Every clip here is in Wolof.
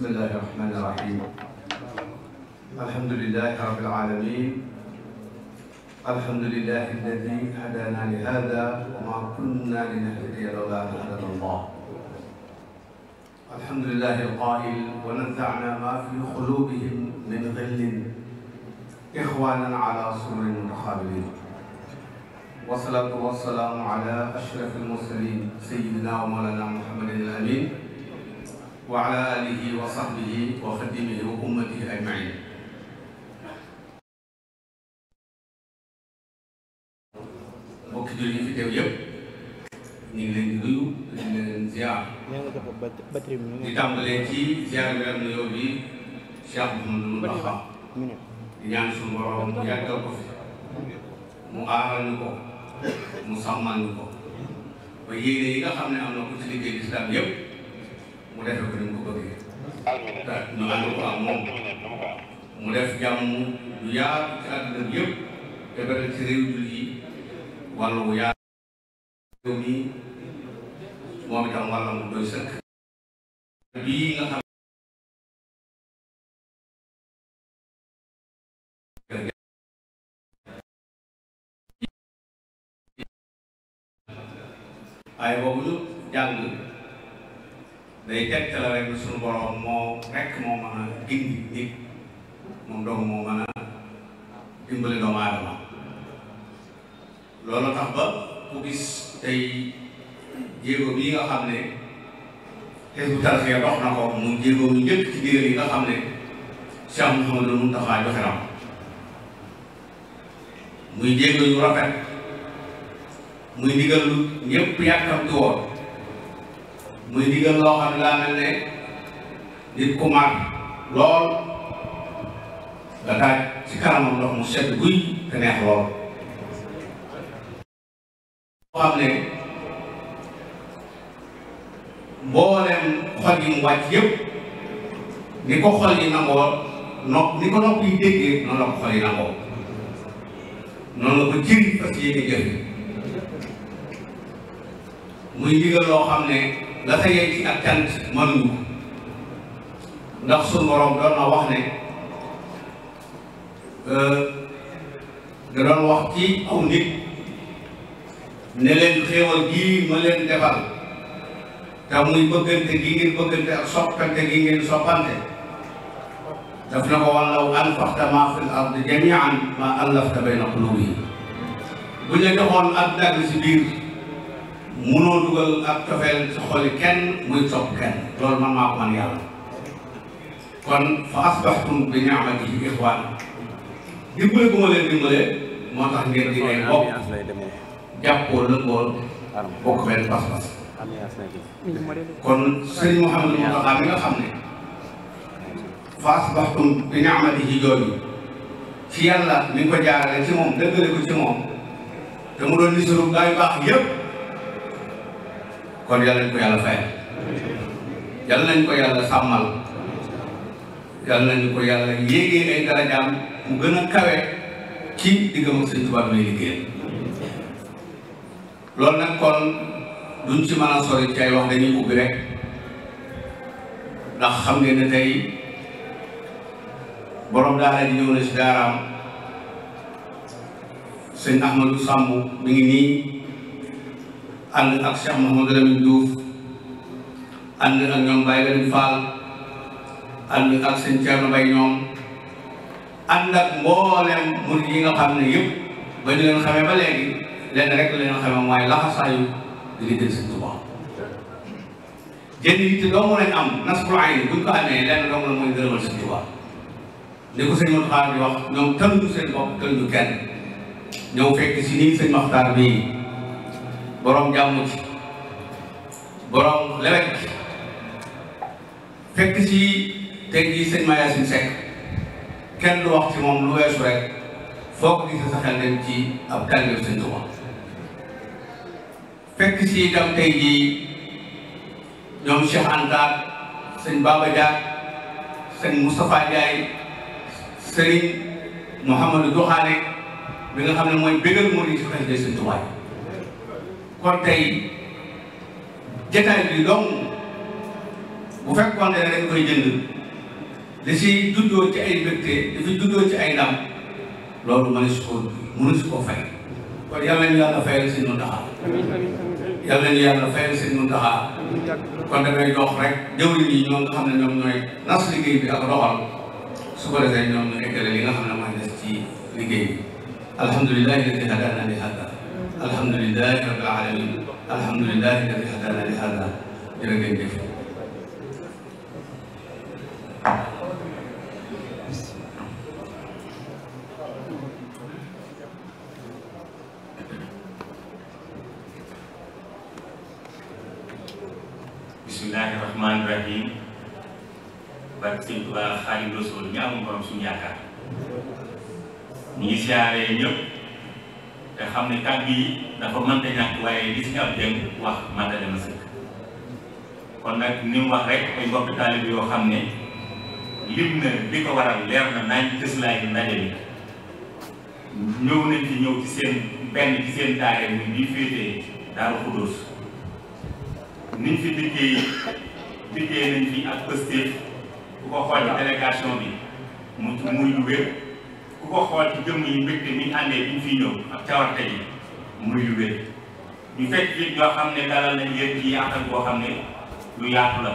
بسم الله الرحمن الرحيم الحمد لله رب العالمين الحمد لله الذي هدانا لهذا وما كنا لنهتدي لولا ان هدانا الله الحمد لله القائل ونزعنا ما في قلوبهم من غل إخوانا على سرر متقابلين والصلاة والسلام على أشرف المرسلين سيدنا ومولانا محمد الأمين wa ala alihi wa sahbihi wa xadimihi wa ummatihi ajmain mbokki jullit yi fi teew yépp ñu ngi leen di nuyu di leen ziar di tàmbalee ci ziar bi am na yow bi Cheikh Mouhamadou Mountakha di ñaan suñu borom mu yàggal ko fi mu aaral ñu ko mu sàmmal ñu ko ba yéene yi nga xam ne am na ko ci liggéey islam yépp mu defe ko ni mu ko bëggee. ñu mu def jàmm lu yaatu ci àddina bi yëpp te bëri ci réew jullit yi wàllu bu yaatu réew mi moom itam wàllam doy sëkk bii nga xam ay boobu ñu day tegtale rek ne suñu moo rekk moo mën a gindi nit moom dong moo mën a dimbali doomu aadama loolu tax ba ku gis tey jéego bii nga xam ne Hizbut Tarqiyyah dox na ko mu jéego bu njëkk ci biir yi nga xam ne Cheikh Mouhamadou Mountakha joxe na muy jéego yu rafet muy digal lu ñëpp yàkkamti woon muy digal loo xam ne ne nit ku mar lool nga ci kanamam ndox mu sedd guy te neex lool loo xam ne mboolem xol yi mu wàcc yëpp ni ko xol yi nangoo nopp ni ko nopp yi déggee noonu la ne la feeñee ci ak cant mënuñu ndax suñu borom doon na wax ne euh, da doon wax ci aw nit ne leen xéewal gii ma leen defal te muy bëggante gi ngeen bëggante ak soppante gi ngeen soppante daf na ko wallaw anfaqta maa fil ardi jamian maa allafta bayna quluubihim bu ñu la joxoon ak dagg si biir munoo dugal ak cofeel ci xoli kenn muy topp kenn loolu man maa yàlla kon fa asbaxtum bi ni'matihi ixwaana ma leen dimbale nga xam ne fa asbaxtum bi ni'matihi jooju ci yàlla ni ko jaarale ci moom dëggale ko ci moom te mu doon ni suru gaa yu yépp kon yàlla nañ ko yàlla fayal yàlla nañ ko yàlla sàmmal yàlla nañ ko yàlla yéegee ay darajaam mu gën a kawe ci diggam ak sëñ Tuubaa bi lay liggéeyal loolu nag kon duñ ci mën a sori ci ay xam ngeen ne tey borom daara ji ñëw na si daaraam sëñ Ahmadou Samb mi ngi nii ànd ak Cheikh Mouhamadou Lamine Diouf ànd ak ñoom Baye Lamine Fall ànd ak seen Thierno Baye ñoom ànd ak mboolem mur yi nga xam ne yëpp ba ñu leen xamee ba léegi lenn rek la leen xamee mooy laxasaayu di liggéey seen Tuubaa jënd yitte doomu lañ am nasru ayni buñ ko amee lenn doomu la mooy gërëmal seen Tuubaa ni ko sëñ Moutakha di wax ñoom tënku seen bopp tënku kenn ñëw fekk si nii sëñ Maxtaar bii. boroom jàmm ji borom fekk ci tey jii sëñ Mayacine Seck kenn du wax lu weesu rek foo ko gisee sa xel dem ci ab tàngoor sëñ Tuubaa fekk ci itam tey jii ñoom Cheikh Anta sëñ Baba Dia sëñ Moustapha Ndiaye sëriñ Mouhamadou Doxaane bi nga xam ne mooy bégal moo di ci xel de sëñ Tuubaa kon tey jataay bi dong bu fekkoon ne dañ koy jënd da si juddoo ci ay mbégte dafa juddoo ci ay ndam loolu mënu si ko mënu si ko fay kon yal nañu yàlla fayal si Muntaxa yal nañu yàlla fayal si Muntaxa kon damay dox rek jëwriñ yi ñoom nga xam ne ñoom ñooy nas liggéey bi ak doxal su ko defee ñoom ñu eggale li nga xam ne maa des ci liggéey bi alhamdulilahi alladi hadana li hada alhamdulilahi rabbil alamin alhamdulilahi alladi hadana li hada jërë ngeen jëf ci wax matale na kon nag ni wax rek ay mbokk yoo xam ne lim na li ko waral leer na naañ cëslaay bi ndaje bi ñëw nañ ci ñëw ci benn ci seen daare ni bii féetee Daaru Xudóos niñ fi liggéey liggéey nañ fi ak pëstéef ku ko xool ci délégation bi mu muy ku ko xool ci jëmm yi mbégte mi ñu àndee bi ñu fiy ak cawarte yi muy lu ñu fekk fi ñoo xam ne dalal nañ leen ci yaatal boo xam ne lu yaatu la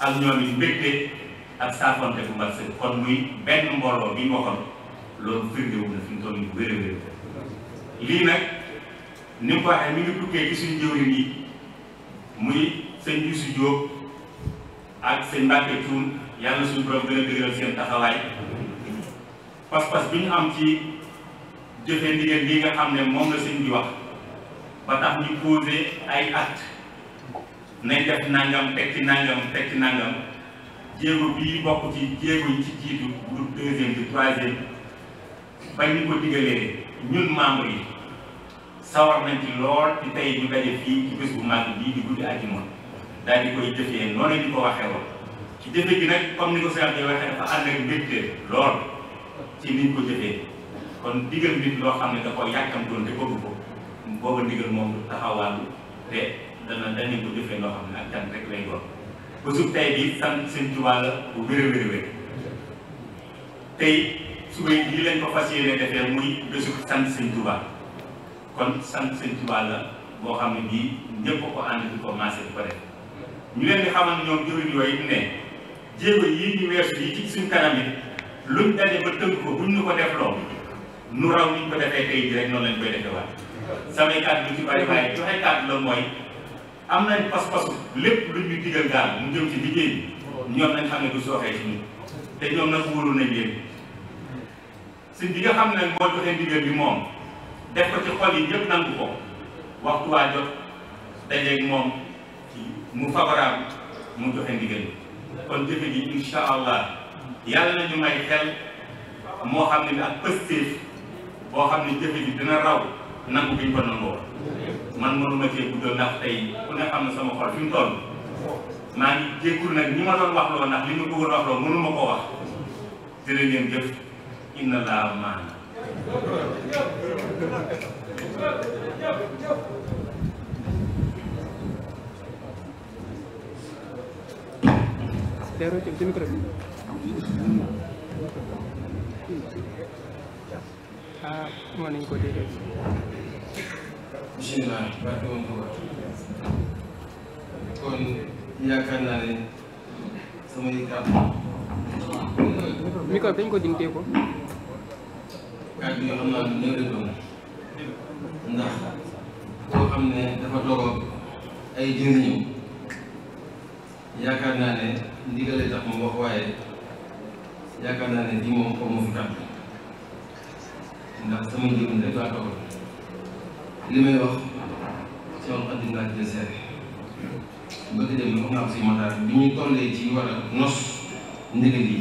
ak ñoom it mbégte ak saafonte bu mat sëkk kon muy benn mbooloo bi ñu waxoon loolu firndewu na fi mu toll nii wér lii nag ni mu ko waxee mi ngi tukkee ci suñu jëwriñ yi muy sëñ Youssou Diop ak sëñ Mbacke Thioune yàlla suñu borom gën a dëgëral seen taxawaay pas-pas bi ñu am ci jëfe ndigal lii nga xam ne moom la sëñ bi wax ba tax ñu posé ay acte nañ def nangam tekki nangam tekki nangam jéego bii bokk ci jéego yi ci jiitu bu deuxième bi troisième bañ ñu ko digalee ñun membres yi sawar nañ ci lool ci tey ñu daje fii ci bés bu màgg bii di guddi àjjuma daal di koy jëfee noonu ñu ko waxee woon ci jëfe nag comme ni ko sëñ bi waxee dafa ànd ak mbégte lool ci niñ ko jëfee kon digal nit loo xam ne da ko yàkkamtoon te bëgg ko booba ndigal moom du taxawaalu te dana danañ ko jëfee loo xam ne ak jant rek lay doon bésub tay bi sant seen Tuubaa la bu wér a tey suba yi leen ko fas yéene defee muy bésub sant seen Tuubaa kon sant seen Tuubaa la boo xam ne bii ñëpp ko ànd di commencé di ko def ñu leen di xamal ñoom jëriñ yooyu ne jéego yii ñu weesu yi ci suñ kanam it luñ daje ba tënk ko buñ ñu ko def loo nu raw niñ ko defee tey ji rek noonu lañ koy defewaat samay kàddu lu bari waaye joxe kàddu la mooy am nañ pas-pasu lépp lu ñu mu jëm ci ñoom nañ xam ne du sooxee te ñoom nag wóolu nañ leen si bi nga xam ne moo joxe ndigal moom def ci xol yi ñëpp nangu ko waxtu waa jot moom mu favorable mu joxe ndigal kon jëfe gi insha allah yàlla nañu may xel moo xam ne bi ak pëstéef boo xam ne jëfe gi dina raw nangu bi ñu ko nangoo man mënuma cee ndax tey ku ne xam ne sama xol fi mu toll maa nag ñi ma doon wax loo ndax li ma bëggoon wax loo mënuma ko wax jërë ngeen jëf inna laa maana ah mën nañu ko déggee. bisimilah barke moom Touba kon yaakaar naa ne samay kàddu. micro bi dañ ko dimtee ko. kàddu yi xam naa lu néew la doon ndax koo xam ne dafa toog ay jëriñam yaakaar naa ne ndigale tax mu wax waaye yaakaar naa ne lii moom xaw ma fi tàmm. ndax sama njëriñ rek laa li may wax si moom xadim laa jël dem bi naa si mataar bi ñuy tollee ci war a nos ndigal yi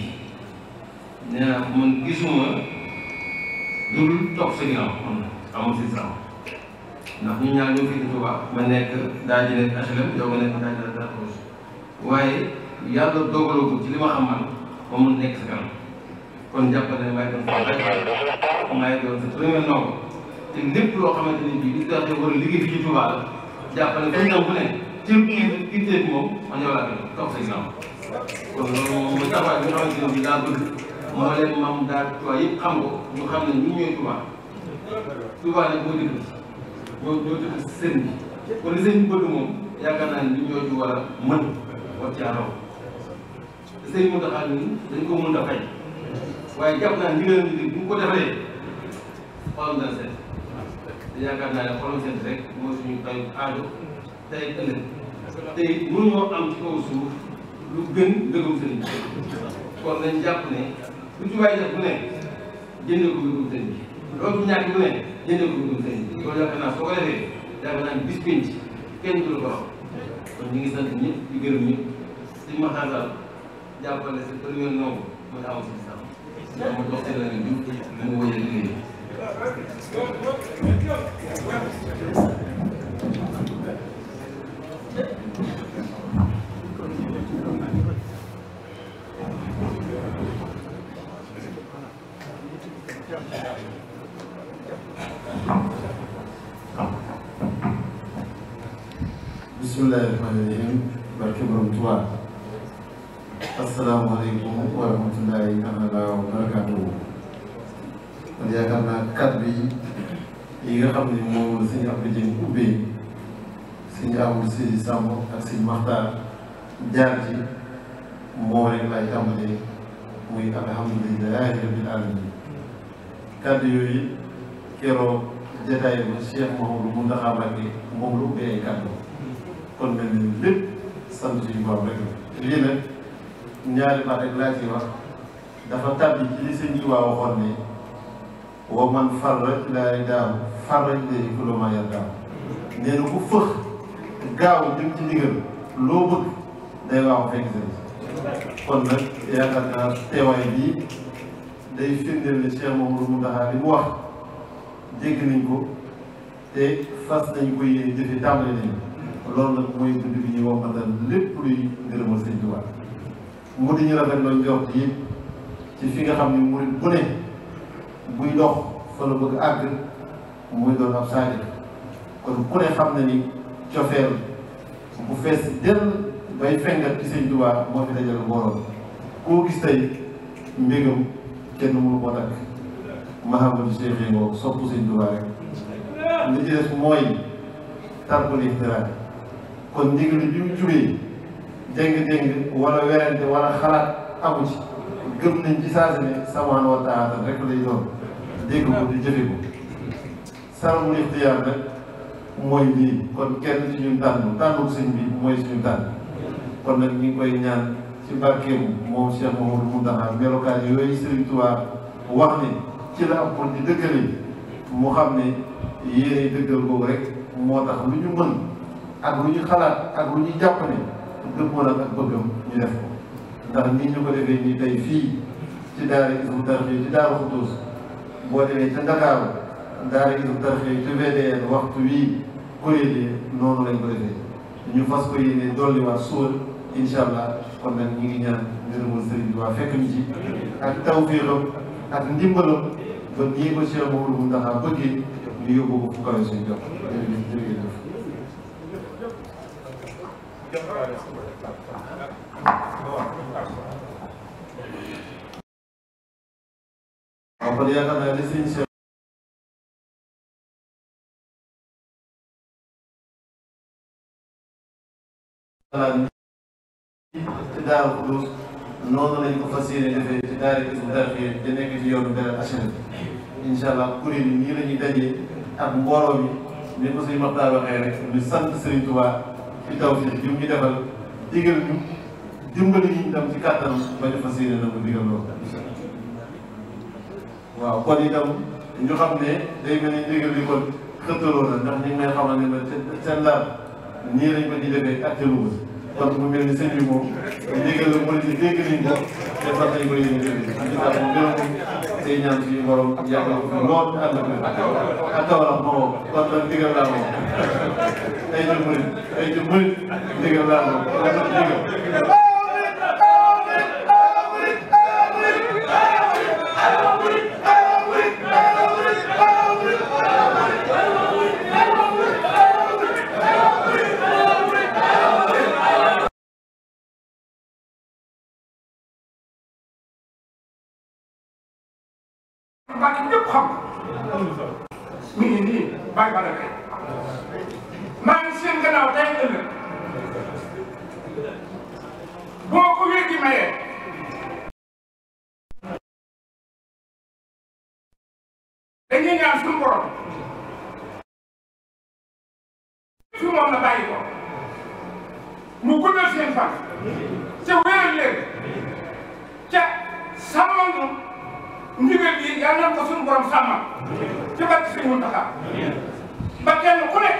nee naa ko man gisuma dul toog sa ginnaaw man amul si sama ndax ñu ñaar ma nekk daa ji nekk HLM yow nga nekk daa ji nekk Darou ko ci li xam maay doon sa premier ndongo te lépp loo xamante ni bii li nga xam ne war a liggéey fii la jàppale ba ñëw ne ci unité bi moom ma ñëw laa koy toog sa ginnaaw kon loolu mooy taxawaay bi nga xamante ne bii daa bëgg moo leen maam daal Touba yëpp xam ko ñu xam ne ñu ñooy Touba Touba nag moo dëkk ñoo ñoo li sëñ bi li ñoo ci war a mën war caa raw te sëñ bi moo ko mën a fay waaye jàpp naa xolam dana seet te yaakaar naa ne xolam seet rek mooy suñu fay aajo tey ëllëg tey mënuñoo am ci kaw suuf lu gën dëggum sëriñ bi kon nañ jàpp ne lu ci waay def bu ne jëndee ko dëggum sëriñ bi loolu bu ñàkk bu ne jëndee ko dëggum sëriñ bi loolu yaakaar naa soo ko defee yaakaar naa bis pénc kenn du la ko wax kon ñu ngi sant ñëpp di gërëm ñëpp si maxaasal jàppale sa premier nombre mooy aw si sam ma jox seen la nga jub mu wëyal liggéey Thank you. xam ne moom sëñ Abdou Dieng ubbee sëñ Abdou Sidi Samb ak sëñ Maxtaar jaar ci moo rek lay tàmbalee muy alhamdulilahi rabbil alamin kàddu yooyu keroog jataay ba Cheikh Mouhamadou Mountakha Mbacké moom la ubbee ay kàddu kon mel ni lépp sant suñu borom rek la lii nag ci wax dafa tàbbi ci li sëñ Tuubaa waxoon ne faral léegi ku la maa yar daaw nee na fëx gaaw jëm ci ndigal loo bëgg day waaw fekk sëriñ kon nag yaakaar naa teewaay bii day firndeel ne Cheikh Mamadou Mountakha li mu wax dégg nañ ko te fas nañ ko yéene jëfe tàmbali nañ loolu nag mooy dund bi ñuy wombatal lépp luy ngërëmal sëñ Tuubaa mu di ñu rafet loolu jox ci ci fi nga xam ne murit bu buy dox fa la bëgg àgg mu doon ab saadi kon ku xam na ni cofeel bu fees del bay fengat ci sëñ Tuubaa moo fi dajal mbooloo koo gis tey mbégam kenn mënu ko takk Mahamadou Cheikh yi ngoo sopp sëñ Tuubaa rek li ci des mooy tarkul ixtiraat kon ndigal bi mu jugee déng-déng wala werante wala xalaat amu ci gëm nañ ci saa si ne doon dégg ko di jëfe sarbul ixtiyaar nag mooy lii kon kenn ci ñun tànn tànnul sëñ bi mooy suñu tànn kon nag ñu ngi koy ñaan ci barkeem moom Cheikh Mamadou Mountakha melokaan yooyu Serigne Touba wax ne ci la am pour di dëkkale mu xam ne yéenay dëggal boobu rek moo tax lu ñu mën ak lu ñu xalaat ak lu ñu jàpp ne dëppoon ak ak bëggam ñu ndax nii ñu ko defee nii tey fii ci daara Hizbut Tarqiyyah ci Daaru Xudoos boo demee ca Ndakaaru daara Hizbut Tarqiyyah te waxtu wii kuréel yi noonu lañ ko defee ñu fas ko yéene dolliwaat suul incha allah kon nag ñu ngi ñaan ngërëmul sëriñ bi waa fekk ñu ci ak tawféexam ak ndimbalam ba nii ko Cheikh Mouhamadou Mountakha bëggee ñu yóbbu ko fu kawe suñ jox jërëjëf jërëjëf waaw kon yaakaar naa ne sëñ salaam ci Daaru Xudoos noonu lañ ko fas yéene defee ci daara Hizbut Tarqiyyah te nekk ci yoonu Darou Assane incha allah kuréel yi nii la ñuy dajee ak mbooloo mi ni ko suñu Maxtaar a rek ñu sant Serigne Touba ci taw bi ñu ngi defal digal ñu dimbali ñu tam ci kàttanam ba ñu fas yéene na ko digal loolu. waaw kon itam ñu xam ne day mel ni digal bi kon xëttaloo na ndax ñu ngi may ne ma ca ca nii lañ ko di defee kattalu ko kon mu mel ni sëñ bi moom ndigal la mooy ni dégg nañ ko te sax nañ ko yéene jëfe ci sax mu gërëm tey ñaan suñu borom yàggal ko fi lool ànd ak ak tawala moo kon nag ndigal laa moom ay jëm murit ay jëm murit ndigal laa moom kon nag ndigal défense ca wéyal leen ca sàmmal nu ndigal yi yal na ko suñu borom sàmmal ca barke Sëriñ Muntaxa ba kenn ku nekk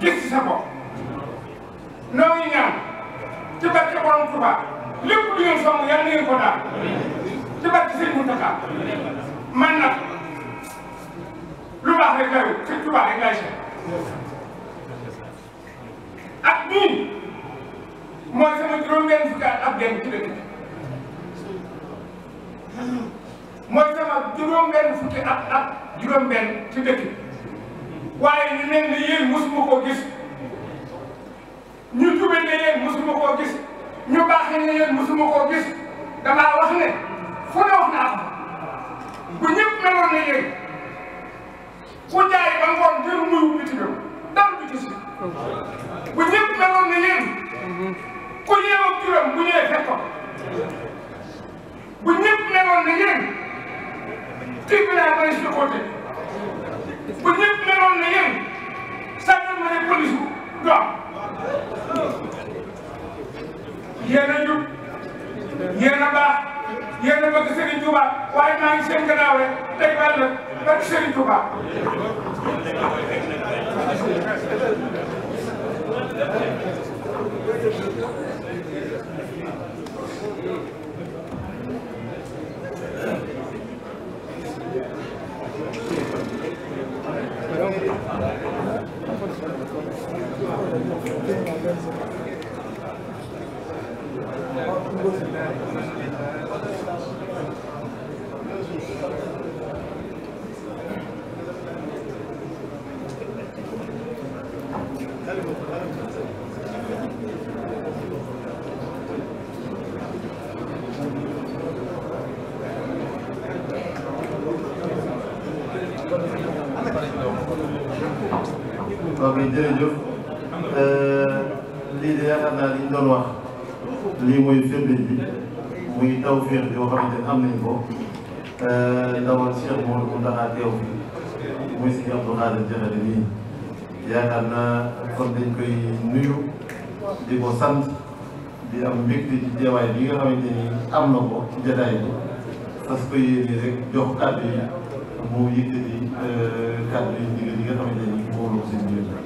gis ci sa bopp noo ngi ca barke borom Tuuba lépp lu ngeen song yal na ngeen ko daal ca barke Sëriñ man nag lu baax rek lay wut ca Tuuba rek lay seet mooy sama juróom-benn fukki at ak benn ci dëkk bi mooy sama juróom-benn fukki at ak juróom-benn ci dëkk bi waaye ñu mel ni yéen mosuma koo gis ñu jubal ne yéen mosuma koo gis ñu baaxee ne yéen mosuma koo gis damaa wax ne fu ne wax naa ko bu ñëpp meloon ne yéen ku jaay ba ngoon jël muy wuti ci ñoom dal bi ci si mm-hmm. bu ñëpp meloon ne yéen mm-hmm. ku ñëwoon juróom bu ñëwee fekk ko bu ñëpp meloon ne yéen tribunal ba su bu ñëpp meloon ne yéen gendarmerie police du am yéen a jub yéen a baax yéen a bëgg Serigne Touba waaye maa ngi seen gannaaw rek tey ba la bëgg Serigne Touba ok jërëjëf euh, lii de yaakaar naa li doon wax lii mooy firnde bi muy taw fiix yoo xamante ne am nañ ko euh, dawal Cheikh Mawal Mountakha teew bi muy si Abdou Khadir Jaxate nii yaakaar naa kon dañ koy nuyu di ko sant di am mbégte ci teewaay bi nga xamante am na ko ci jataay bi parce jox kàddu mu yëkkati euh, kàddu yi Amen.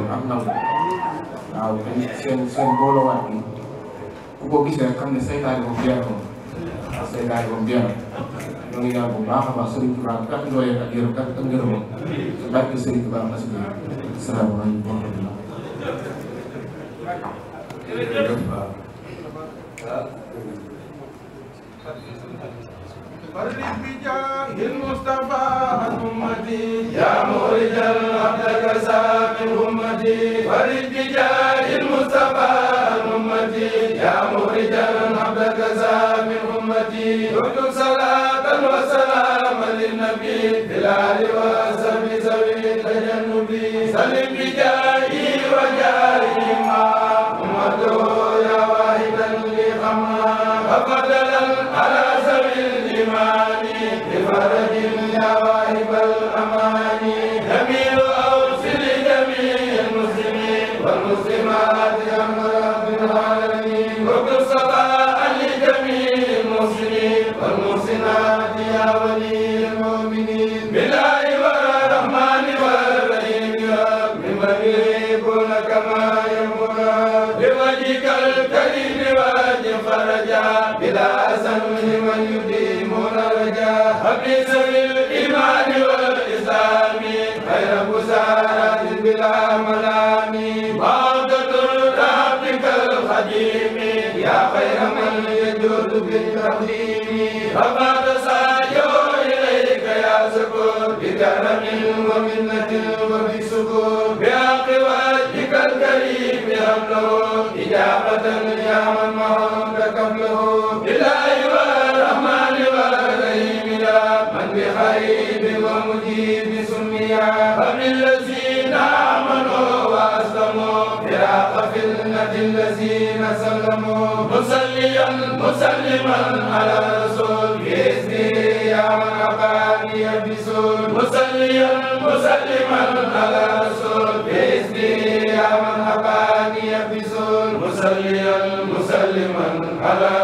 bi ak nangu waaw seen seen boolowaat bi ku ko gisee rek xam ne saytaane boobu jeex na waaw saytaane boobu jeex na ñoo ngi yàlla bu baax a baax Serigne Touba bi kat looyee ak yërëm kat ak ngërëmam ci barke Serigne Touba Mbass bi salaamaaleykum wa rahmatulah. jërëjëf waaw. فرد بجاه المصطفى عن أمتي يا مرجا عبدك سامي أمتي فرد بجاه المصطفى عن أمتي يا مرجا عبدك سامي أمتي كنت صلاة وسلاما للنبي بلال وسبي سبي تجنبي سلم بجاهي وجاهي ما أمته يا واحدا لغما فقد على للإيمان بفرج يا واهب الأمان الحسن من يديم الرجاء أبليس بالإيمان والإسلام خير بسارة بلا ملام بعضة رحمك الخديم يا خير من يجود بالتقديم فقد ساجوا إليك يا سكور بكرم ومنة وبسكور بحق وجهك الكريم حمله إجابة يا من معك كفله الغريب ومجيب سميا فبالذين آمنوا وأسلموا برأف النجي الذين سلموا مسليا مسلما على الرسول بإذنه يا من أباني بسول مسليا مسلما على الرسول بإذنه يا من أباني بسول مسليا مسلما على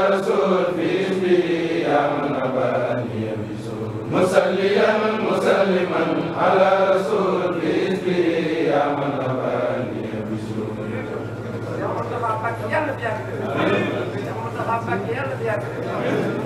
مسلما مسلما على رسول الحزب يا من أباني بسرور يا مصطفى بك يا رب يا